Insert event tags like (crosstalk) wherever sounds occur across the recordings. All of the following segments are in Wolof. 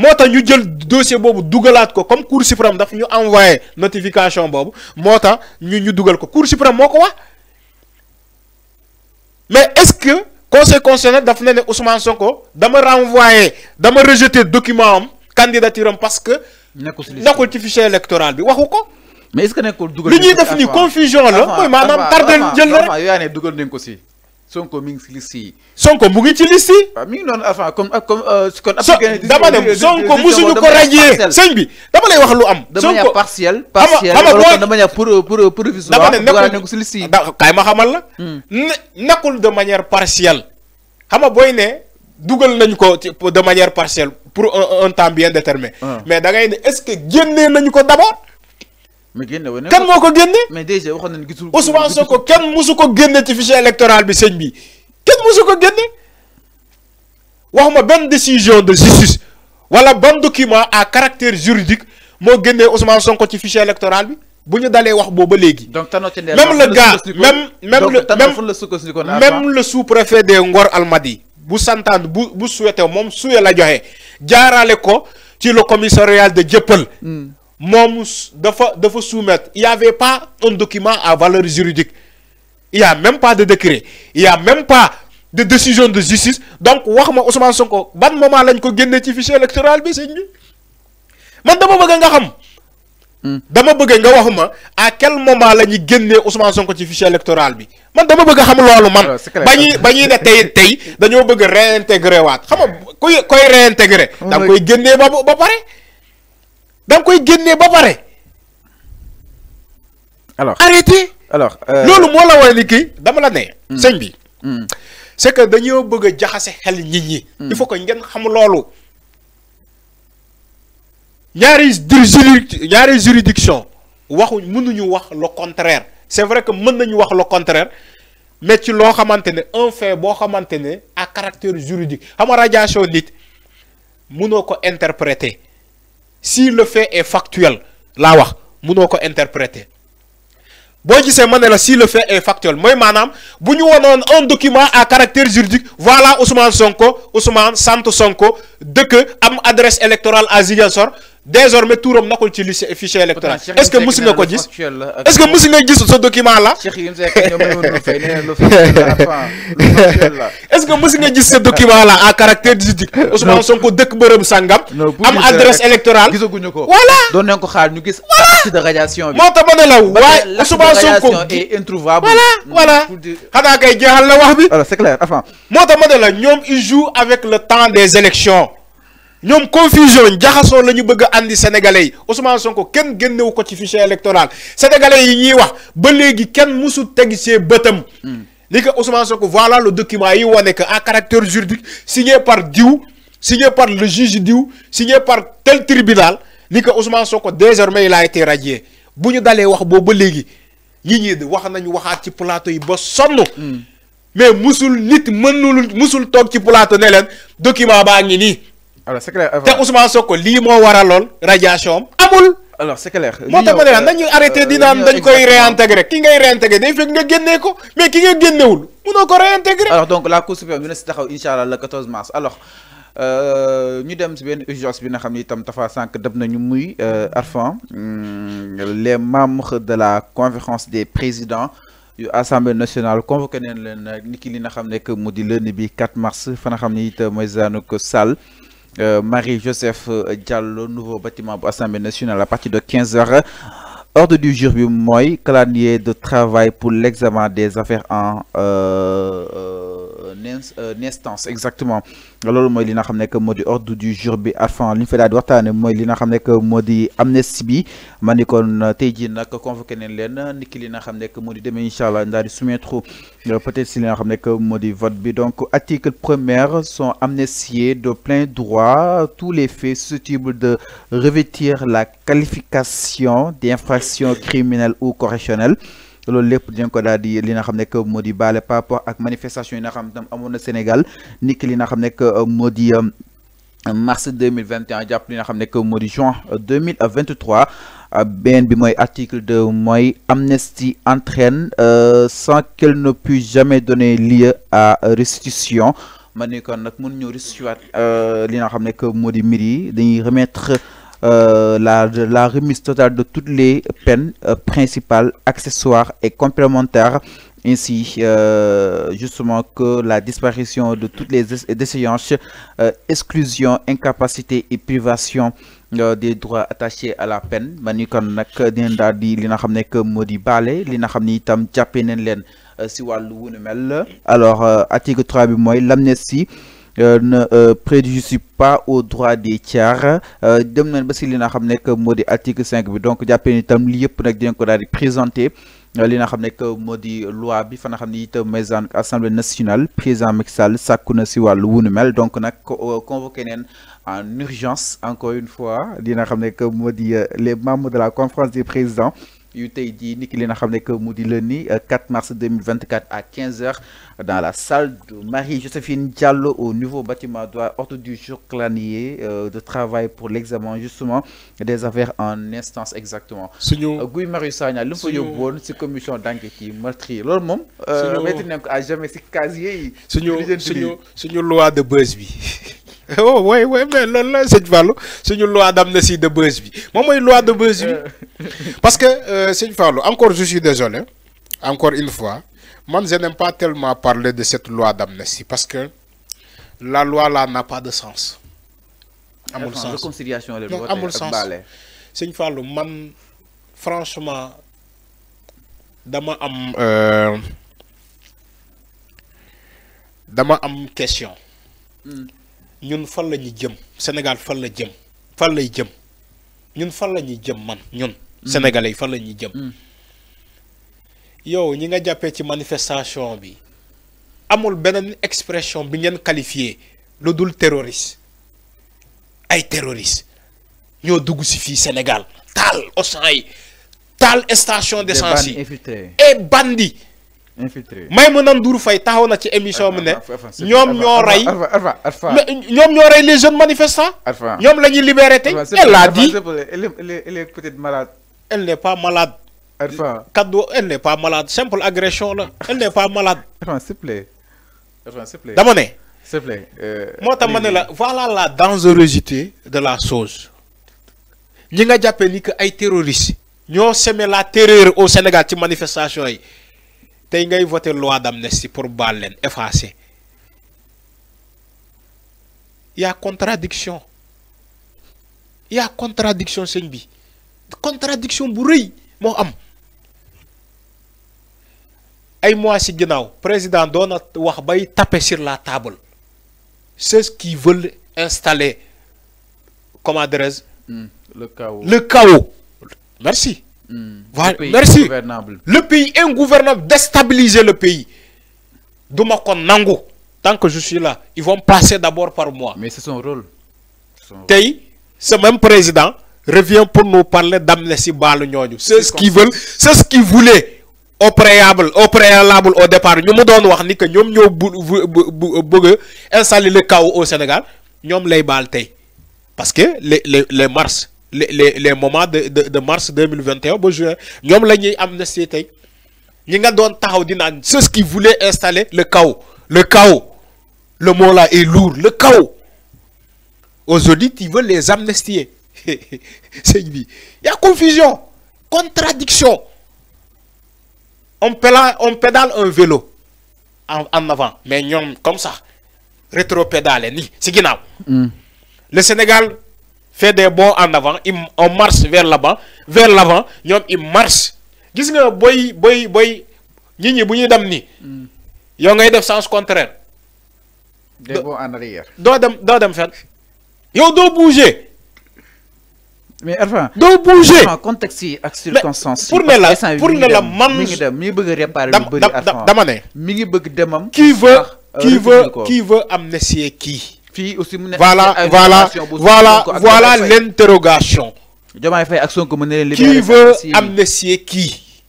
moo ñu jël dossier bobu dugalaat ko comme cour suprême daf ñu envoyer notification bobu moo ñu ñu dugal ko cour suprême moko wax mais est-ce que conseil constitutionnel daf ne ne Ousmane Sonko dama renvoyé dama rejeter document am candidature parce que. nakul ci fichier électoral bi waxu ko. mais est-ce que nakul dugal li ñuy def ni confusion la. mooy maanaam tardel jël la rek. dugal nañ ko ci Sonko mi ngi ci liste yi. Sonko mu ngi ci liste yi. waaw mi ngi noonu avant comme euh, euh, dama ne Sonko musuñu ko ràññee sëñ bi dama lay wax lu am. Sonko de manière partielle. partielle pour pour provisoire. dama ne nekkul ci liste yi. kaay ma xamal la. Hmm. de manière partielle. xam nga booy ne dugal nañ ko ci de manière partielle pour un un temps bien déterminé. Hmm. mais da ngay ne est-ce que génnee nañu ko d'abord. mais génne woon kan mais déjà Ousmane Sonko kenn musuko fichier électoral bi bi kenn décision de justice wala bon document à caractère juridique moo génne Ousmane Sonko ci fichier électoral bi bu wax même le gars même même le même le sous-préfet de Ngor Almadi Vous santaan vous souhaitez, souhaité souhaitez la vous à ko ci le commissariat de Djepel. Hmm moom dafa dafa soumettre il y avait pas un document à valeur juridique il y a même pas de décret il y a même pas de décision de justice donc wax Ousmane Sonko ban moment lañ ko génne ci fichier électoral bi sëñ bi man dama bëgg nga xam. Hmm. dama bëgg nga wax à quel moment la ñu génnee Ousmane Sonko ci fichier électoral bi man dama bëgg xam loolu man. bañi bañi ba ñuy ne tey tey dañoo bëgg réintégrer waat xam nga koy koy réintégrer. da koy génnee ba ba paré da nga koy génnee ba paré alors arrêtez alors euh, lolu mo la war ni kii dama la né hmm. sëñ bi. Hmm. c'est que dañu bëgg jaxassé xel nit ñi. Hmm. il faut que ngeen xam lolu ñaari juri ñaari juridiction waxuñ mënuñu wax le contraire c'est vrai que mën nañu wax le contraire mais ci lo xamante un fait bo xamante à caractère juridique xam nga radiation nit mënoo ko interpréter si le fait est factuel là wax munoo ko interpréter si le fait est factuel si madame, si nous un document à caractère juridique voilà Ousmane Sonko Ousmane Santo Sonko que, am adresse électorale à Ziguinchor désormais tout nekkul ci liste fichier électoral est-ce que musu nga ko est-ce que musu nga gis ce document là (laughs) est-ce que musu nga gis ce document là à caractère juridique Ousmane Sonko dëkk bërëm sàngam am adresse électorale voilà Donnez un ko xaar ñu gis acte de radiation bi moo tax ne la Ousmane Sonko est introuvable voilà voilà kay la wax bi c'est clair enfin moo tax la ñoom ils jouent avec le temps des élections ñom confusion jaxasoo le bëgg andi sénégalais Ousmane Sonko kenn ci fichier électoral sénégalais yi ñi wax ba légui kenn musu tégg ci bëtam. Hmm. li ko Ousmane Sonko voilà le document yi woné que caractère juridique signé par Diou, signé par le juge Diou, signé par tel tribunal li ko Ousmane Sonko désormais il a été radié buñu dalé wax bo ba dit, ñi wax nañu waxat ci hmm. mais musul nit mënul musul tok ci plateau document alors c'est clair euh, te Ousmane Sonko lii moo waralol, radiation amul. alors c'est clair moi tax ma ne la euh, nañu arrêté euh, di naan dañ koy réintégrer ki ngay réintégrer day fekk nga génnee ko mais ki nga génnewul munoo ko réintégrer. alors donc la Cour suprême dina si taxaw incha le 14 mars alors. ñu dem bien benn urgence bi nga xam ni itam dafa sànq dab nañu muy hmm, les membres de la conférence des présidents yu assemblée nationale convoqué neen leen niki li nga xam que bi 4 mars fa nga xam ni Sall. Euh, Marie-Joseph euh, Diallo nouveau bâtiment à Assemblée nationale à partir de 15 h ordre du jour du mois calendrier de travail pour l'examen des affaires en euh, instance euh, exactement Alors moi li nga xam que modi ordre du jour bi afan li ñu fa daal di waxtaane mooy li nga xam nekk moo bi ma kon euh, tey jii convoqué nañ niki ni ki li nga xam nekk moo di demee di euh, peut-être si li nga xam nekk vote bi donc article premier sont amnistiés de plein droit tous les faits susceptibles de revêtir la qualification d'infraction criminelle ou correctionnelle te lepp lépp dinañ ko daal di li nga xam ne Modi par rapport ak manifestation yi nga xam tam Sénégal ni ki li nga xam euh, euh, mars 2021 japp li nga xam maudit juin 2023 à euh, bi moy article de moy amnistie entraîne sans qu'elle ne puisse jamais donner lieu à restitution mané ni kon nag mën ñu restituer li nga xam ne dañuy remettre euh, la, la, remise totale de toutes les peines euh, principales, accessoires et complémentaires ainsi euh, justement que la disparition de toutes les déchéances, euh, exclusion, incapacité et privation des droits attachés à la peine ma ni li que mel alors article 3 l'amnésie euh, ne euh, préjudicie pas au droit des tiers euh, dem nañ ba si li nga xamné que modi article cinq bi donc jappé ni tam li yëpp nag dinañ ko daal di li nga xamné que modi loi bi fa nga xam itam maison assemblée nationale président Macky Sall sàkku na si wàllu wunu mel donc nak convoqué en urgence encore une fois li nga xam que moo les membres de la conférence des présidents You y a eu 4 mars 2024 à 15h dans la salle de marie josephine Diallo au nouveau bâtiment droit ordre du jour clanier euh, de travail pour l'examen justement des affaires en instance exactement. Euh, Sagna commission d'enquête euh, jamais casier loi de buzz (laughs) (laughs) oh oui oui mais c'est du une loi d'amnésie de Moi, Moi, suis une loi de buzz (laughs) parce que du euh, encore je suis désolé encore une fois moi je n'aime pas tellement parler de cette loi d'amnésie parce que la loi là n'a pas de sens. réconciliation sens réconciliation non de sens une man franchement dama am euh, dama am question. Hmm ñun fan ni jëm Sénégal fan la jëm fan lay jëm ñun fan lañu jëm man ñun. Mm. Sénégalais yi ni Yo, jëm. Mm. yow ñi nga ci manifestation bi amul benen expression bi ñen qualifié lu dul terroriste ay terroriste ñoo dugg ci fi Sénégal tal au yi tal station d'essence et bandi infiltré Maïmouna Ndour Faye taxaw na ci émission mu ne. ñoom ñoo ñoo les jeunes manifestants. ñoom la elle a dit elle est peut-être malade. elle n'est pas malade. Cadeau, elle n'est pas malade simple agression là. elle n'est pas malade. s'il vous plaît. s'il vous plaît. dama s'il vous plaît. Euh, tax voilà la dangerosité de la chose. ñi nga jàppee que ay terroristes. ñoo semé la terreur au Sénégal ci manifestation yi. Tu ngay voté loi d'amnistie pour balen effacer Il y a contradiction Il y a contradiction contradiction bu reuy mo am ay Le président Donald na wax sur la table ceux qui veulent installer comme adresse hmm, le chaos le chaos merci Hmm. voilà merci le pays ingouvernable déstabiliser le pays duma ko nangu tant que je suis là ils vont passer d'abord par moi mais c'est son rôle tey ce même président revient pour nous parler d'Amnesty baalu c'est ce qu'ils veulent c'est ce qu'ils voulaient au préalable au préalable au départ ñu mu doon wax ni que nous ñoo bëgg installer le chaos au Sénégal nous lay baal parce que les les les marches les les moments de de mars 2021 ils ont ceux qui voulaient installer le chaos le chaos le mot là est lourd le chaos aujourd'hui ils veulent les amnestier (laughs) il y a confusion contradiction on pédale on pédale un vélo en avant mais comme ça rétro pédale mm. le Sénégal fait des bons en avant on marche vers là-bas vers l'avant ils il marche gis nga boy boy boy, mm. sens contraire. des bons en arrière. do, dem do, dem bouger. mais enfin, bouger contexte pour ne la pour ne qui veut qui veut qui veut qui voilà voilà voilà voilà l'interrogation qui veut amnestier qui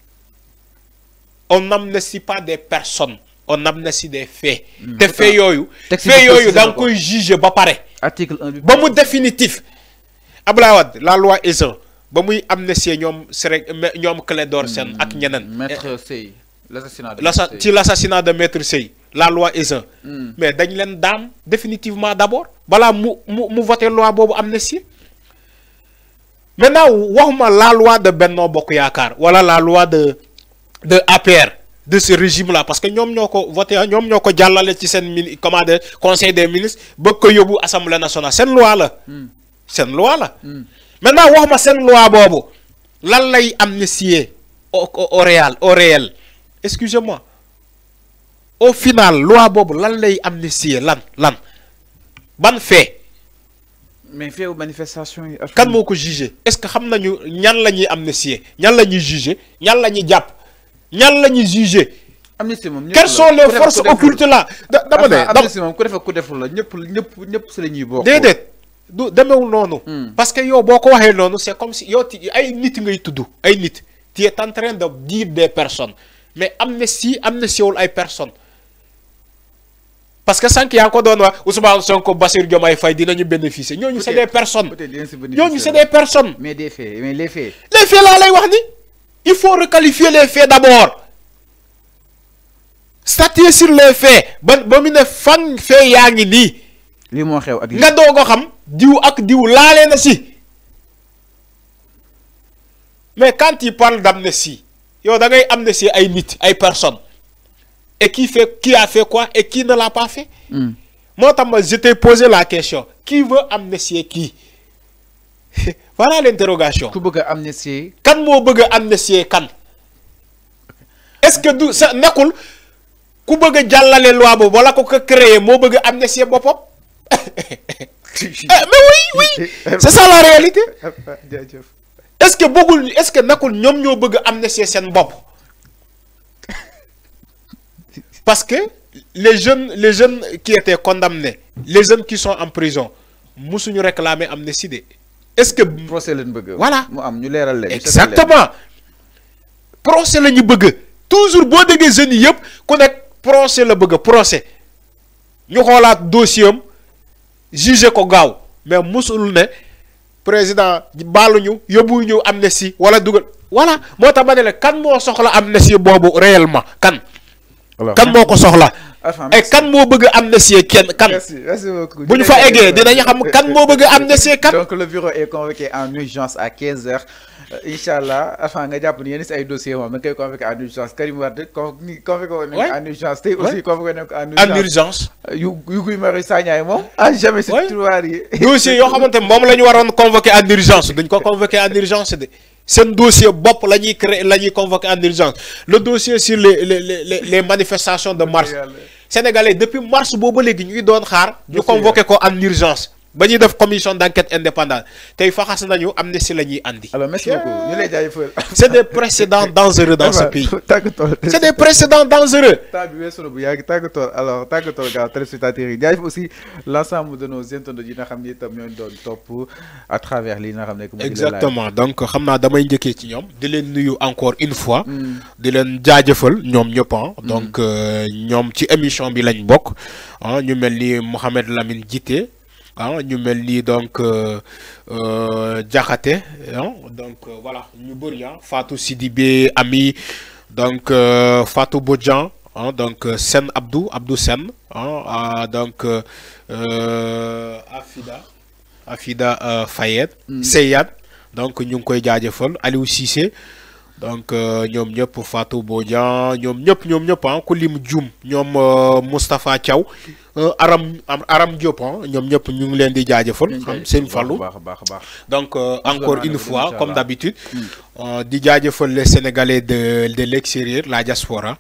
on n'amnésie pas des personnes on amnestie des faits Des hmm. faits yooyu faits yooyu da nga koy juger ba pare ba mu définitif Abdoulaye la loi est ba muy amnésier ñoom Séré ñoom Clédor s'en ak hmm, ñeneen maître Sey, l'assassinat de l'assassinat de maître Sey la loi est un, hmm. mais dañ Dam définitivement d'abord, Voilà, loi pour maintenant la loi de Benno Yakar, la loi de de APR de ce régime là parce que voté, avons voté conseil des ministres pour assemblée nationale une loi C'est hmm. une loi hmm. maintenant waxuma loi la lan lay au au réel excusez-moi au final loi Bob lan lay amnistier lan lan ban mais fait aux manifestation quand kan moo est-ce que xam ñan la jugé ñan la ñuy quelles sont les forces occultes là. D'abord, dama ne parce que yow boko ko non, c'est comme si yow ay nit ngay tudd ay nit qui es en train de dire des personnes mais amnistie amnistiewul ay personnes parce que sànq yaa ngi ko doon wax Ousmane Sonko Bassirou Diomaye Faye dinañu bénéficier ñooñu c'est des personnes ñooñu c'est des personnes. mais des faits mais les faits. les faits là, lay wax ni il faut requalifier les faits d'abord statuer sur les faits ba ba mu ne fan fee yaa ngi nii. lii moo xew ak nga doog a xam diw ak diw laale na si mais quand il parle d'amnistie yo da ngay amnistier ay nit ay personnes et qui, fait, qui a fait quoi et qui ne l'a pas fait. Hmm. Moi, je t'ai posé la question. Qui veut amnestier qui (laughs) Voilà l'interrogation. Qui veut amnistier Quand moi, veut amnistier quand Est-ce que nous, ça n'a pas ku les lois, loi boobu wala ko créer moo bëgg amnistier (laughs) eh, mais oui oui (laughs) c'est ça la réalité est-ce que beaucoup, est-ce que nakul ñoom ñoo bëgg amnistier seen parce que les jeunes, les jeunes qui étaient condamnés, les jeunes qui sont en prison, nous réclamer amnésie. Est-ce que... Procès Voilà. Exactement. Procès lañu bëgg. Toujours boo déggee jeunes yi yëpp ku procès la bëgg procès ñu xoolaat dossier jugé ko gaaw mais musul ne président baaluñu yóbbuñu amnistie wala dugal. voilà moo tax ma ne la kan moo soxla amnistie boobu réellement kan kan moo ko soxla et eh, kan mo beug amnistier kenn kan bu ñu fa égué dinañ xam kan mo beug amnistier kan donc le bureau est convoqué en urgence à 15 heures euh, incha allah nga japp ni yéen si ay dossier moom nga koy convoqué en urgence Karim Wade convoqué woon en urgence c'est aussi convoqué en urgence en urgence euh, yu yu Guy Marius Sagna yi moom jamais si tiroir dossier yo xamante mom lañu ñu convoqué en urgence duñ ko convoqué en urgence de c'est un dossier BOP, l'année convoqué en urgence le dossier sur les les les manifestations de mars sénégalais depuis mars nous léegi convoqué en urgence ba def commission d'enquête indépendante tay faxas nañu am na si andi. alors ah bah, merci beaucoup ñu lay jaajëfal. (laughs) c' est des précédents (laughs) dangereux dans eh ce bah, pays. (laughs) c'est des précédents dangereux. temps bi weesu na bu yàgg tàggatoo alors tàggatoo ga très yi jaajëf aussi l' de nos internautes yi nga xam ni tam ñoo doon top à travers li nga xam ne. exactement donc xam naa damay njëkkee ci ñom di leen nuyu encore une fois. Hmm. di leen jaajëfal ñom ñëpp ah. hmm. donc euh, ñom ci émission bi lañ bok ah, ñu melni mohamed Lamine Djité. ah ñu mel nii donc euh, euh, Diakhaté donc euh, voilà ñu bëri ah Fatou Sidibé Ami donc Fatou Bodian donc Sen abdu Abdou Sen ah donc Afida Afida Fayed mm. Seyad donc ñu ngi koy jaajëfal Aliou Cissé donc euh, ñom ñëpp Fatou Bodian ñom ñëpp ñom ñëpp ah ku lim Dioum ñoom euh, Moustapha euh, Aram Aram Diop ah, ñom ñëpp ñu ngi di donc encore une fois comme d'habitude hmm. di les Sénégalais de de l'extérieur la diaspora